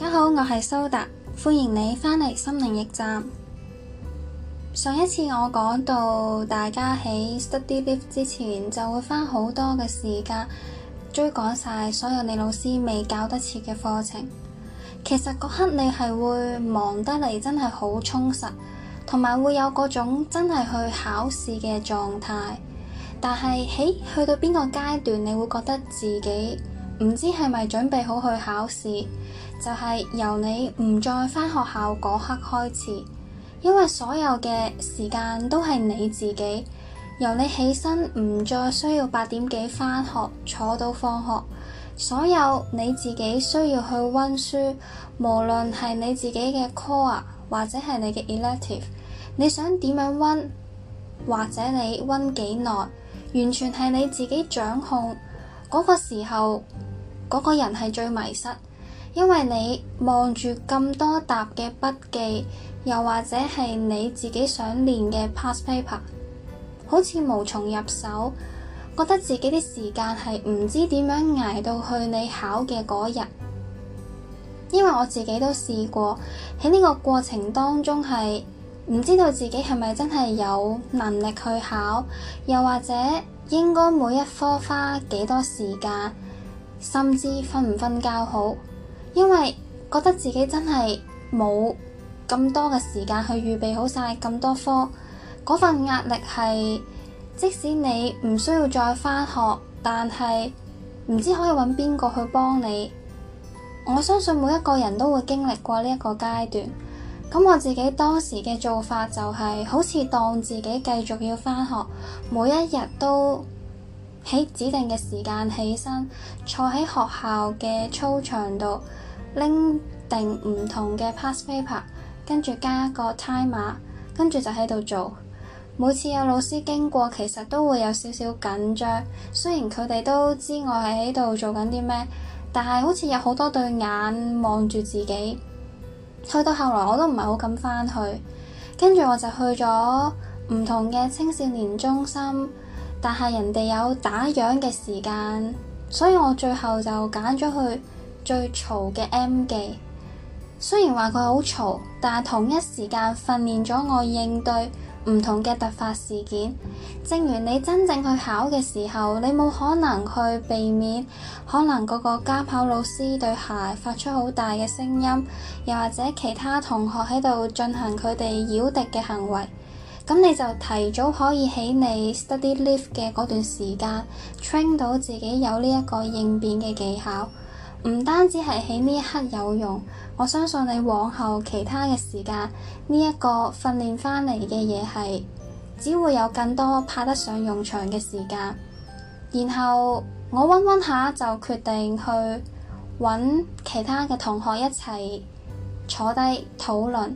大家好，我係蘇達，歡迎你返嚟心靈驛站。上一次我講到，大家喺 study leave 之前就會花好多嘅時間追趕晒所有你老師未教得切嘅課程。其實嗰刻你係會忙得嚟，真係好充實，同埋會有嗰種真係去考試嘅狀態。但係喺去到邊個階段，你會覺得自己唔知係咪準備好去考試。就係由你唔再返學校嗰刻開始，因為所有嘅時間都係你自己。由你起身唔再需要八點幾返學，坐到放學，所有你自己需要去溫書，無論係你自己嘅 core 或者係你嘅 elective，你想點樣溫，或者你溫幾耐，完全係你自己掌控。嗰、那個時候，嗰、那個人係最迷失。因為你望住咁多沓嘅筆記，又或者係你自己想練嘅 pass paper，好似無從入手，覺得自己啲時間係唔知點樣捱到去你考嘅嗰日。因為我自己都試過喺呢個過程當中係唔知道自己係咪真係有能力去考，又或者應該每一科花幾多時間，甚至瞓唔瞓覺好。因為覺得自己真係冇咁多嘅時間去預備好晒咁多科，嗰份壓力係即使你唔需要再返學，但係唔知可以揾邊個去幫你。我相信每一個人都會經歷過呢一個階段。咁我自己當時嘅做法就係好似當自己繼續要返學，每一日都。喺指定嘅時間起身，坐喺學校嘅操場度，拎定唔同嘅 past paper，跟住加個 timer，跟住就喺度做。每次有老師經過，其實都會有少少緊張。雖然佢哋都知我喺度做緊啲咩，但係好似有好多對眼望住自己。去到後來，我都唔係好敢翻去，跟住我就去咗唔同嘅青少年中心。但係人哋有打烊嘅時間，所以我最後就揀咗去最嘈嘅 M 記。雖然話佢好嘈，但係同一時間訓練咗我應對唔同嘅突發事件。正如你真正去考嘅時候，你冇可能去避免，可能個個監考老師對鞋發出好大嘅聲音，又或者其他同學喺度進行佢哋擾敵嘅行為。咁你就提早可以喺你 study leave 嘅嗰段時間 train 到自己有呢一個應變嘅技巧，唔單止係喺呢一刻有用，我相信你往後其他嘅時間，呢一個訓練翻嚟嘅嘢係只會有更多派得上用場嘅時間。然後我溫溫下就決定去搵其他嘅同學一齊坐低討論。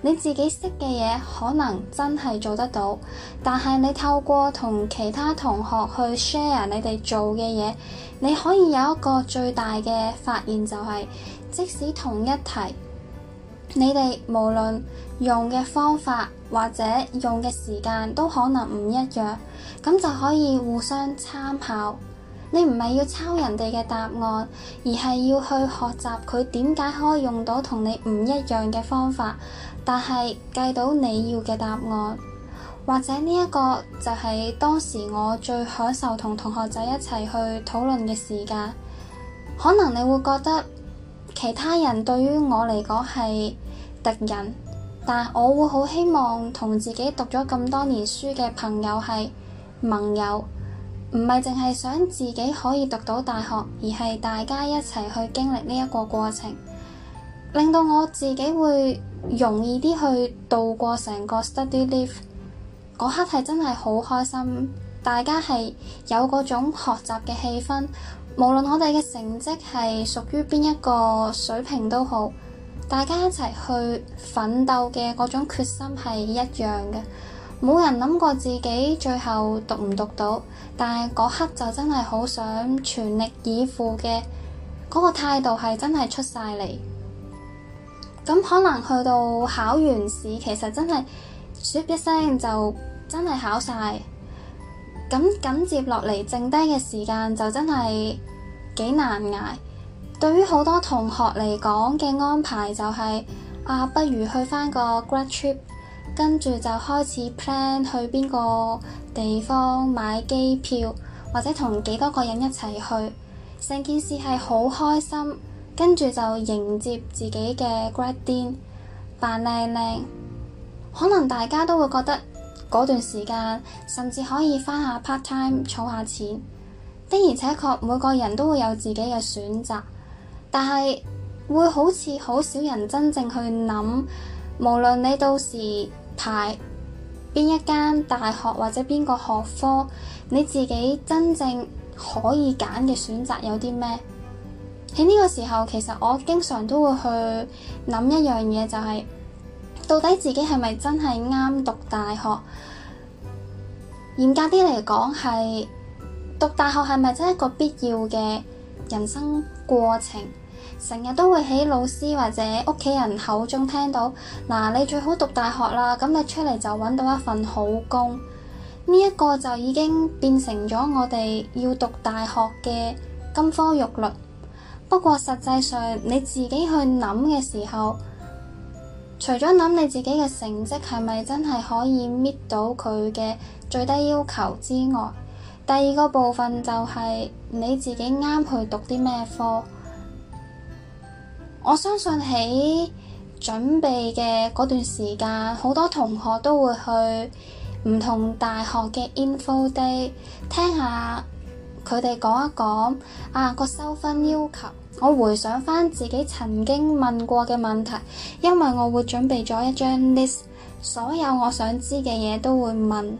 你自己識嘅嘢，可能真係做得到，但係你透過同其他同學去 share 你哋做嘅嘢，你可以有一個最大嘅發現就係，即使同一題，你哋無論用嘅方法或者用嘅時間都可能唔一樣，咁就可以互相參考。你唔係要抄人哋嘅答案，而係要去學習佢點解可以用到同你唔一樣嘅方法。但係計到你要嘅答案，或者呢一個就係當時我最享受同同學仔一齊去討論嘅時間。可能你會覺得其他人對於我嚟講係敵人，但我會好希望同自己讀咗咁多年書嘅朋友係盟友，唔係淨係想自己可以讀到大學，而係大家一齊去經歷呢一個過程。令到我自己會容易啲去度過成個 study leave 嗰刻，係真係好開心。大家係有嗰種學習嘅氣氛，無論我哋嘅成績係屬於邊一個水平都好，大家一齊去奮鬥嘅嗰種決心係一樣嘅。冇人諗過自己最後讀唔讀到，但係嗰刻就真係好想全力以赴嘅嗰個態度係真係出晒嚟。咁可能去到考完試，其實真係咻一聲就，就真係考晒。咁緊接落嚟，剩低嘅時間就真係幾難捱。對於好多同學嚟講嘅安排就係，就係啊，不如去返個 grad trip，跟住就開始 plan 去邊個地方買機票，或者同幾多個人一齊去。成件事係好開心。跟住就迎接自己嘅 grad din 扮靚靚，可能大家都會覺得嗰段時間甚至可以翻下 part time，儲下錢，的而且確每個人都會有自己嘅選擇，但係會好似好少人真正去諗，無論你到時派邊一間大學或者邊個學科，你自己真正可以揀嘅選擇有啲咩？喺呢個時候，其實我經常都會去諗一樣嘢，就係、是、到底自己係咪真係啱讀大學？嚴格啲嚟講，係讀大學係咪真係一個必要嘅人生過程？成日都會喺老師或者屋企人口中聽到嗱，你最好讀大學啦。咁你出嚟就揾到一份好工。呢、這、一個就已經變成咗我哋要讀大學嘅金科玉律。不過實際上你自己去諗嘅時候，除咗諗你自己嘅成績係咪真係可以搣到佢嘅最低要求之外，第二個部分就係、是、你自己啱去讀啲咩科。我相信喺準備嘅嗰段時間，好多同學都會去唔同大學嘅 info day 聽下。佢哋講一講啊個收分要求，我回想翻自己曾經問過嘅問題，因為我會準備咗一張 list，所有我想知嘅嘢都會問，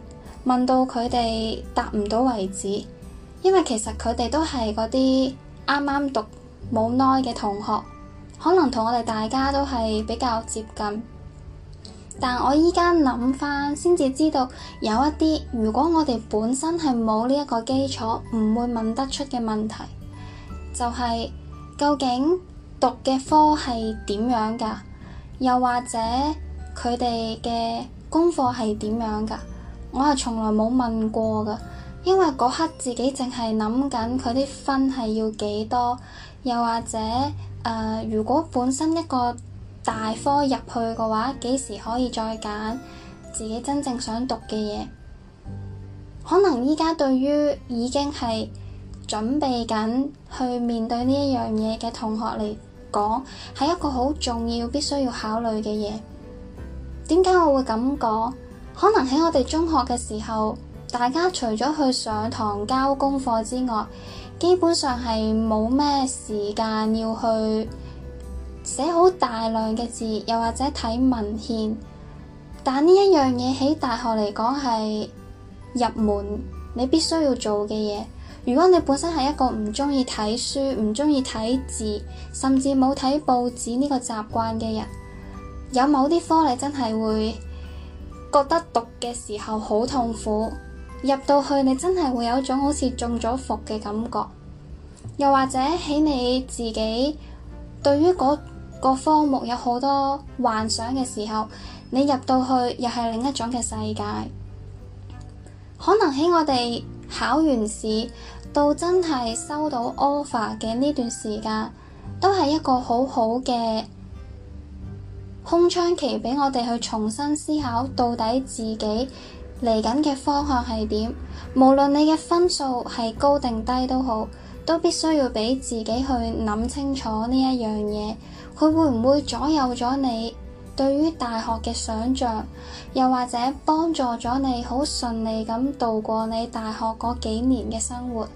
問到佢哋答唔到為止。因為其實佢哋都係嗰啲啱啱讀冇耐嘅同學，可能同我哋大家都係比較接近。但我依家諗翻，先至知道有一啲，如果我哋本身係冇呢一個基礎，唔會問得出嘅問題，就係、是、究竟讀嘅科系點樣噶？又或者佢哋嘅功課係點樣噶？我係從來冇問過噶，因為嗰刻自己淨係諗緊佢啲分係要幾多，又或者誒、呃，如果本身一個。大科入去嘅話，幾時可以再揀自己真正想讀嘅嘢？可能依家對於已經係準備緊去面對呢一樣嘢嘅同學嚟講，係一個好重要、必須要考慮嘅嘢。點解我會咁講？可能喺我哋中學嘅時候，大家除咗去上堂交功課之外，基本上係冇咩時間要去寫好大量嘅字，又或者睇文獻，但呢一樣嘢喺大學嚟講係入門你必須要做嘅嘢。如果你本身係一個唔中意睇書、唔中意睇字，甚至冇睇報紙呢個習慣嘅人，有某啲科你真係會覺得讀嘅時候好痛苦。入到去你真係會有一種好似中咗伏嘅感覺，又或者喺你自己對於嗰個科目有好多幻想嘅時候，你入到去又係另一種嘅世界。可能喺我哋考完試到真係收到 offer 嘅呢段時間，都係一個好好嘅空窗期，畀我哋去重新思考到底自己嚟緊嘅方向係點。無論你嘅分數係高定低都好，都必須要畀自己去諗清楚呢一樣嘢。佢會唔會左右咗你對於大學嘅想象，又或者幫助咗你好順利咁度過你大學嗰幾年嘅生活？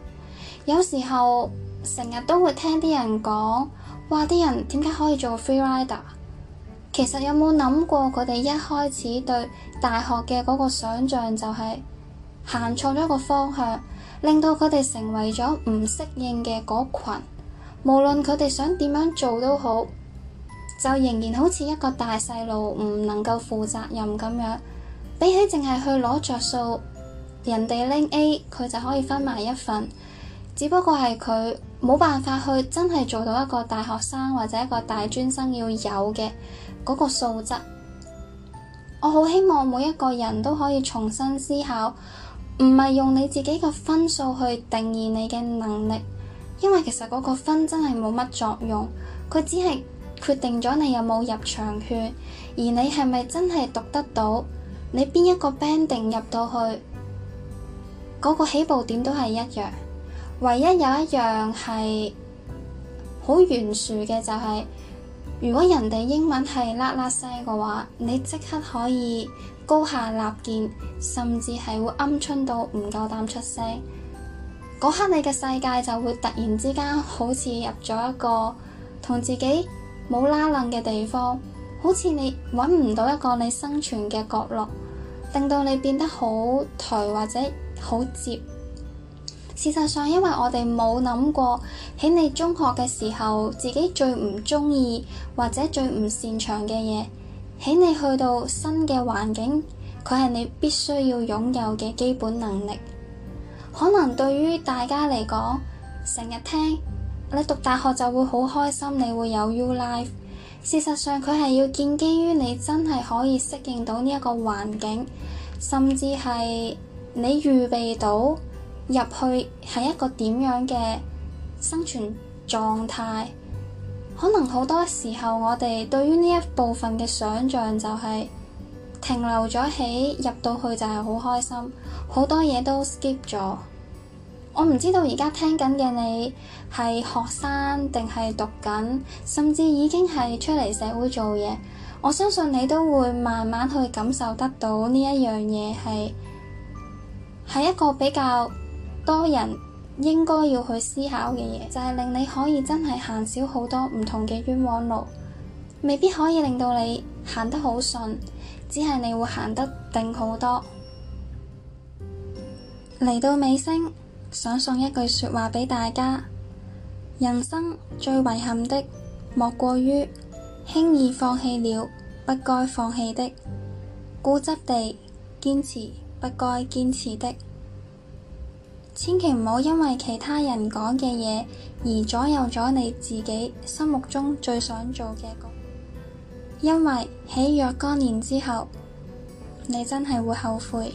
有時候成日都會聽啲人講，話啲人點解可以做 free rider？其實有冇諗過佢哋一開始對大學嘅嗰個想象就係行錯咗個方向，令到佢哋成為咗唔適應嘅嗰群，無論佢哋想點樣做都好。就仍然好似一個大細路，唔能夠負責任咁樣。比起淨係去攞着數，人哋拎 A 佢就可以分埋一份，只不過係佢冇辦法去真係做到一個大學生或者一個大專生要有嘅嗰個素質。我好希望每一個人都可以重新思考，唔係用你自己嘅分數去定義你嘅能力，因為其實嗰個分真係冇乜作用，佢只係。決定咗你有冇入場券，而你係咪真係讀得到？你邊一個 banding 入到去，嗰個起步點都係一樣。唯一有一樣係好懸殊嘅就係，如果人哋英文係啦啦聲嘅話，你即刻可以高下立見，甚至係會鵪鶉到唔夠膽出聲。嗰刻你嘅世界就會突然之間好似入咗一個同自己。冇拉楞嘅地方，好似你揾唔到一個你生存嘅角落，令到你變得好頹或者好接。事實上，因為我哋冇諗過喺你中學嘅時候，自己最唔中意或者最唔擅長嘅嘢，喺你去到新嘅環境，佢係你必須要擁有嘅基本能力。可能對於大家嚟講，成日聽。你讀大學就會好開心，你會有 U life。事實上，佢係要建基於你真係可以適應到呢一個環境，甚至係你預備到入去係一個點樣嘅生存狀態。可能好多時候我哋對於呢一部分嘅想象就係停留咗喺，入到去就係好開心，好多嘢都 skip 咗。我唔知道而家聽緊嘅你係學生定係讀緊，甚至已經係出嚟社會做嘢。我相信你都會慢慢去感受得到呢一樣嘢係係一個比較多人應該要去思考嘅嘢，就係令你可以真係行少好多唔同嘅冤枉路，未必可以令到你行得好順，只係你會行得定好多。嚟到尾聲。想送一句說話畀大家：人生最遺憾的，莫過於輕易放棄了不該放棄的，固執地堅持不該堅持的。千祈唔好因為其他人講嘅嘢而左右咗你自己心目中最想做嘅嘢，因為喺若干年之後，你真係會後悔。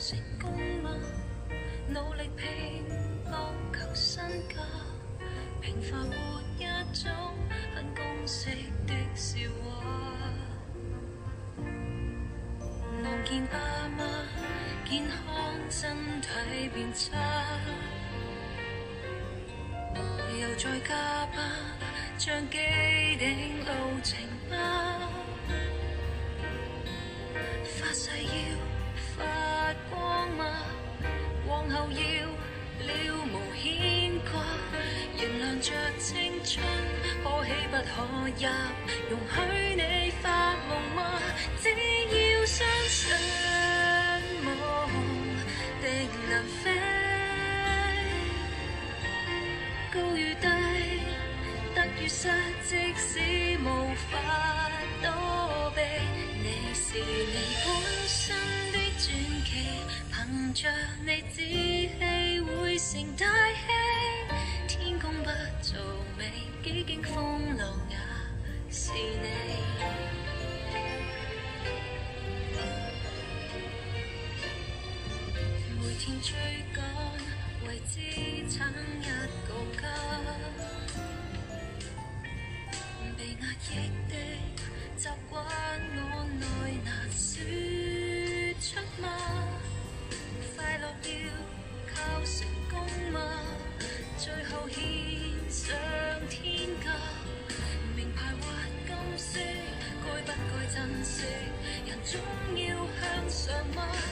成功嗎？啊，努力拼搏求身家，平凡活一種很公式的笑話。望 見爸媽健康身體變差，又再加班將機頂露情路程嗎？發誓要。發光嗎？往後要了無牽掛，燃亮着青春，可喜不可泣，容許你發夢嗎？只要相信我，定能飛，高與低，得與失，即使無法躲避，你是你本身。憑着你志氣會成大器，天公不造美，幾經風浪也是你。每天追趕為資產一個家，被壓抑。人總要向上望。